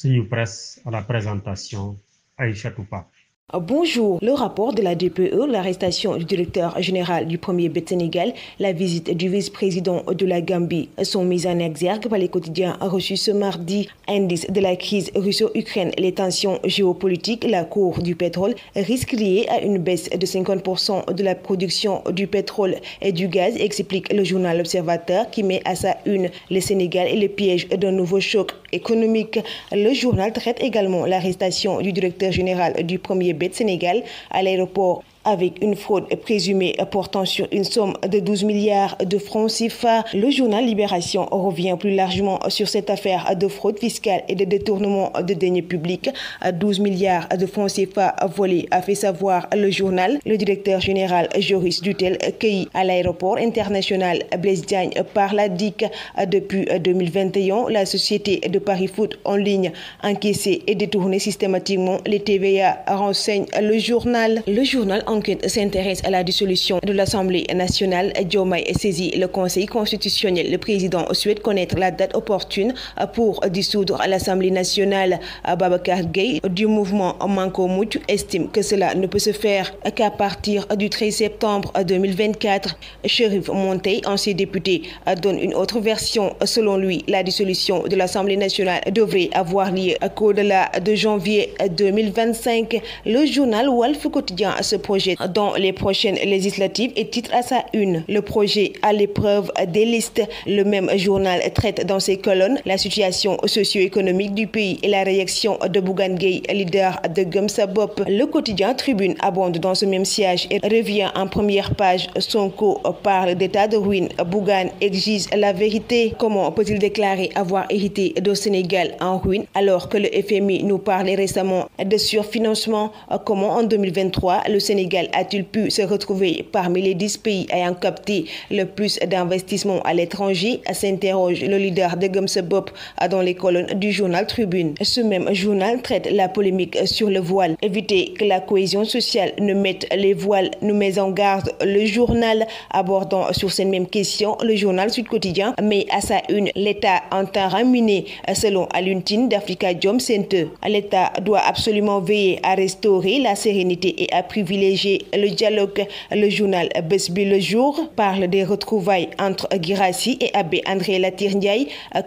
Signe Presse à la présentation Aïcha Toupa. Euh, bonjour. Le rapport de la DPE, l'arrestation du directeur général du premier Sénégal, la visite du vice-président de la Gambie sont mises en exergue par les quotidiens reçus ce mardi. Indice de la crise russo-ukraine, les tensions géopolitiques, la cour du pétrole, risque lié à une baisse de 50% de la production du pétrole et du gaz, explique le journal Observateur qui met à sa une le Sénégal et le piège d'un nouveau choc économique. Le journal traite également l'arrestation du directeur général du premier de Sénégal à l'aéroport avec une fraude présumée portant sur une somme de 12 milliards de francs CFA. Le journal Libération revient plus largement sur cette affaire de fraude fiscale et de détournement de deniers publics. 12 milliards de francs CFA volés a fait savoir le journal. Le directeur général Joris Dutel, cueilli à l'aéroport international Blaise Diagne par la DIC depuis 2021, la société de Paris Foot en ligne encaissée et détournée systématiquement les TVA renseigne le journal. Le journal en s'intéresse à la dissolution de l'Assemblée nationale, Diomaye saisit le Conseil constitutionnel. Le président souhaite connaître la date opportune pour dissoudre l'Assemblée nationale. Babacar Gay du mouvement Manko Moutou estime que cela ne peut se faire qu'à partir du 13 septembre 2024. Sheriff Montey, ancien député, donne une autre version. Selon lui, la dissolution de l'Assemblée nationale devrait avoir lieu au delà de janvier 2025. Le journal Wolf Quotidien a ce projet dans les prochaines législatives et titre à sa une. Le projet à l'épreuve des listes. Le même journal traite dans ses colonnes la situation socio-économique du pays et la réaction de Bougan Gay, leader de Gumsabop. Le quotidien Tribune abonde dans ce même siège et revient en première page. Sonko parle d'état de ruine. Bougan exige la vérité. Comment peut-il déclarer avoir hérité de Sénégal en ruine alors que le FMI nous parlait récemment de surfinancement Comment en 2023 le Sénégal a-t-il pu se retrouver parmi les 10 pays ayant capté le plus d'investissements à l'étranger s'interroge le leader de Gumsebop dans les colonnes du journal Tribune. Ce même journal traite la polémique sur le voile. Éviter que la cohésion sociale ne mette les voiles nous met en garde le journal abordant sur cette même question le journal Sud Quotidien met à sa une l'État en temps miné selon Aluntine d'Africa Jom Center. L'État doit absolument veiller à restaurer la sérénité et à privilégier le dialogue. Le journal Besbi Le Jour parle des retrouvailles entre Girassi et Abbé André Latir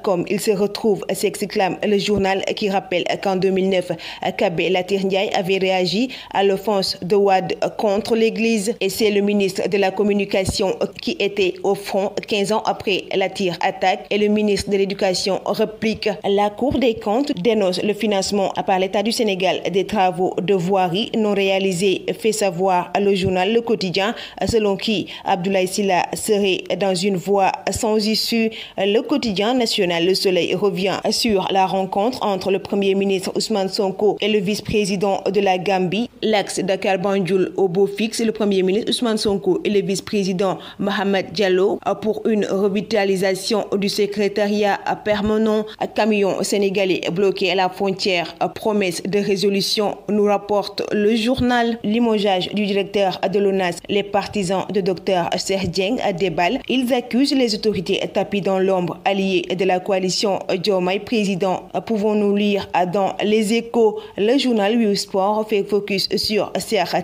Comme ils se retrouvent, s'exclame le journal qui rappelle qu'en 2009, Kabé Latir avait réagi à l'offense de Wad contre l'Église. Et c'est le ministre de la Communication qui était au front 15 ans après tire attaque et le ministre de l'Éducation réplique. La Cour des comptes dénonce le financement par l'État du Sénégal des travaux de voirie non réalisés, fait savoir à le journal Le Quotidien, selon qui Abdoulaye Silla serait dans une voie sans issue. Le quotidien national Le Soleil revient sur la rencontre entre le Premier ministre Ousmane Sonko et le vice-président de la Gambie. L'axe Dakar Banjul au beau fixe, le Premier ministre Ousmane Sonko et le vice-président Mohamed Diallo pour une revitalisation du secrétariat permanent. Camion sénégalais bloqué à la frontière. Promesse de résolution nous rapporte le journal. Limogeage du directeur de l'ONAS. Les partisans de Dr Serjeng à Debal. Ils accusent les est tapis dans l'ombre, alliée de la coalition Jomai Président, pouvons-nous lire dans Les Échos, le journal Wii Sport fait focus sur Serra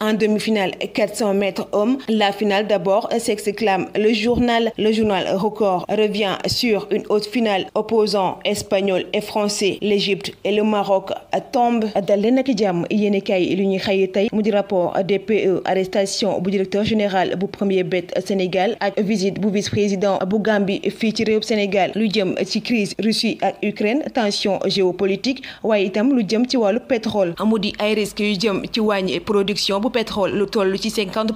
en demi-finale 400 mètres hommes. La finale d'abord s'exclame le journal. Le journal Record revient sur une haute finale opposant espagnol et Français. L'Égypte et le Maroc tombent. Dalena Kijam, Yenekay, l'Uni rapport DPE, arrestation du directeur général du premier bête Sénégal, visite vice président Bougambi Gambie fii ci Sénégal lu jëm ci crise Russie ak Ukraine tension géopolitique waye itam lu jëm ci walu pétrole amudi ay risque yu jëm ci production bu pétrole lu toll ci cinquante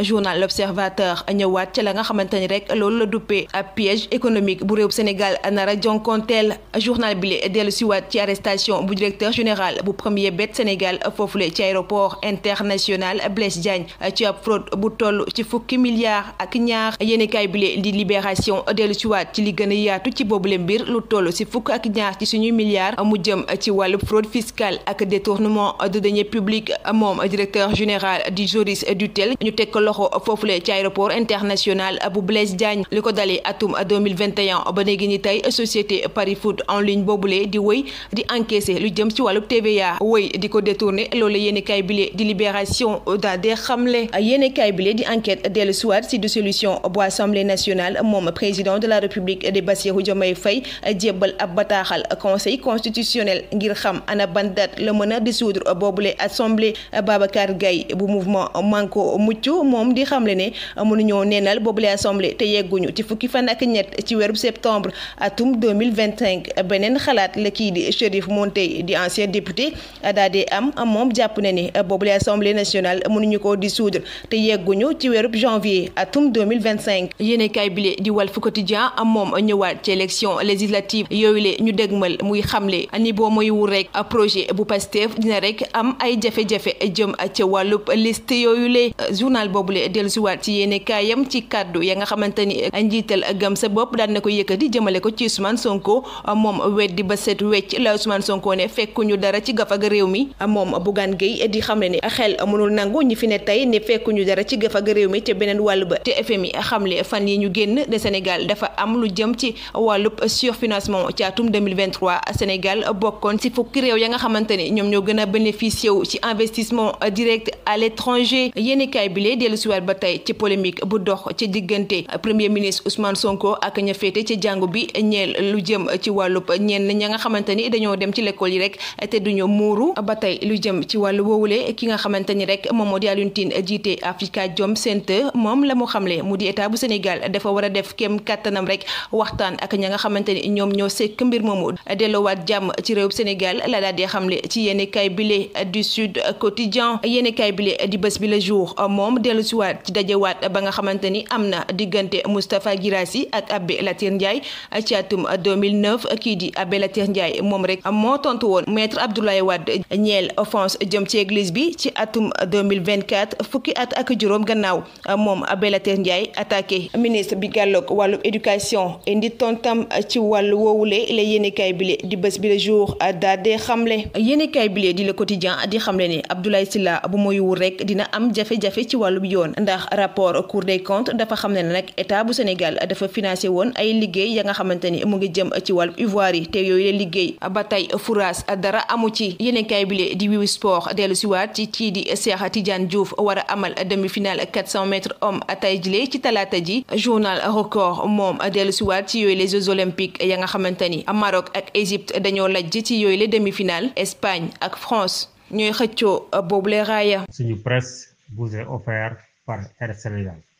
journal L'Observateur ñëwaat ci la nga xamante rek loolu la ab piège économique bu réewum Sénégal nar a journal bi délu ci wat ci arrestation bu directeur général bu premier bet Sénégal foofule ci aéroport international Blaise Diagne ci ab fraude bu toll ci fukki milliards ak ñaar yéenekaay bi bile di libération dellu ci waat ci li gëna a yaatu ci le mbir lu tollu si fukk ak ñaar ci suñu milliards amu jëm ci walu fraude fiscale ak détournement de deniers publics mom directeur général du juris du tel ñu teg loxo le ci aéroport international Abu Blaise Diagne liko dalé atum 2021 ba léegi ni tay société Paris Foot en ligne le di wey di encaisser lu jëm ci walu TVA wey di ko détourné loolu yéeni kaay bile di libération daal di xamle di enquête dellu ci si de solution bo assemblée nationale président de la république de Bassirou Diomaye Faye jébbal ab conseil constitutionnel ngir xam le ban date la dissoudre assemblée Babacar Gay, Bou mouvement Manko Moutou, Mom, di xamle ne mënuñoo assemblée te yegguñu ci fukki fan ak ñett ci septembre atum 2025 Benen xalaat le Kidi, di Chérif Montey di ancien député daa am Mom jàpp na ni assemblée nationale mënuñu ko dissoudre te yegguñu ci weeru janvier atum 2025 yéenekaay bile di Walf Quotidien moom ñëwaat ci élection législative yooyu le ñu dégmal muy xamle ni boo moywul rek projet bu Pastef dina rek am ay jafe-jafe jëm ci wàllub liste yooyu le journal boobule dellusiwaat ci yéenekaayam ci kaddu ya nga xamante ni njiital gam sa bopp daan na ko yëkkati jëmale ko ci Ousmane Sonko moom weddi ba set wecc la Ousmane Sonko ne fekkuñu dara ci gafaga réew mi moom Bougane Gueye di xamle ne xel mënul nangu ñi fi ne tey ne fekkuñu dara ci gafaga réew mi ca beneen wàll ba te ñu génn de Sénégal dafa am lu jëm ci wàllub surfinancement ci atum 2023 Sénégal bokkon ci fukki réew ya nga xamanteni ñom ñoo gëna bénéficié ci investissement direct à l'étranger yéeni kaay bilee dellu siwaat ba tay ci polémique bu dox ci digënté premier ministre Ousmane Sonko ak ña féete ci jàngu bi ñeel lu jëm ci wàllub ñenn ña nga xamanteni dañoo dem ci l'école yi rek té duñu muuru ba tay lu jëm ci wàllu wowulé ki nga xamanteni rek moom moo di Alioune Tine Center la mu xamle mu di état bu Sénégal dafa war a def kéem kàttanam rek waxtaan ak ña nga xamante ni ñoom ñoo sekk mbir moomu delloowaat jàmm ci réew Sénégal la daal di xamle ci yéeni kay bile du Sud Quotidien yéeni kay bile di bës bi la jour moom dellu siwaat ci dajewaat ba nga xamante ni am na diggante Moustapha Guirassy ak Abbé Latyr Ndiaye ci atum 2009 kii di Abbé Latyr Ndiaye moom rek moo tontu woon maître Abdoulaye Wade ñeel offense jëm ci église bi ci atum 2024 fukki at ak juróom gannaaw moom Abbé Latyr ministre bi gàlloog wàllub éducation indi tontam ci walu wàllu woowule la yéenekaay bile di bés bi le jour daal di xamle. yéenekaay bile di le quotidien di xamle ne Abdoulaye Silla bu moyuwul rek dina am jafé jafé ci wàllub yoon ndax rapport Cour des comptes dafa xam ne nag état bu Sénégal dafa financé woon ay liggéey ya nga xamante ni mu ngi jëm ci walu ivoire yi te yooyu la liggéey ba tey dara amu ci yéenekaay bile di wiwi sport ci wat ci kii di Cheikh Tidiane Diouf wara amal demi-finale 400 mètres homme tey jile ci talata ji journal record moom dellu siwaat ci yoy les jeux olympiques ya nga xamante ni Maroc ak Égypte dañoo laj ci yoy les demi-finales Espagne ak France ñooy xëccoo boobule raaya. suñu presse vous est offert par Air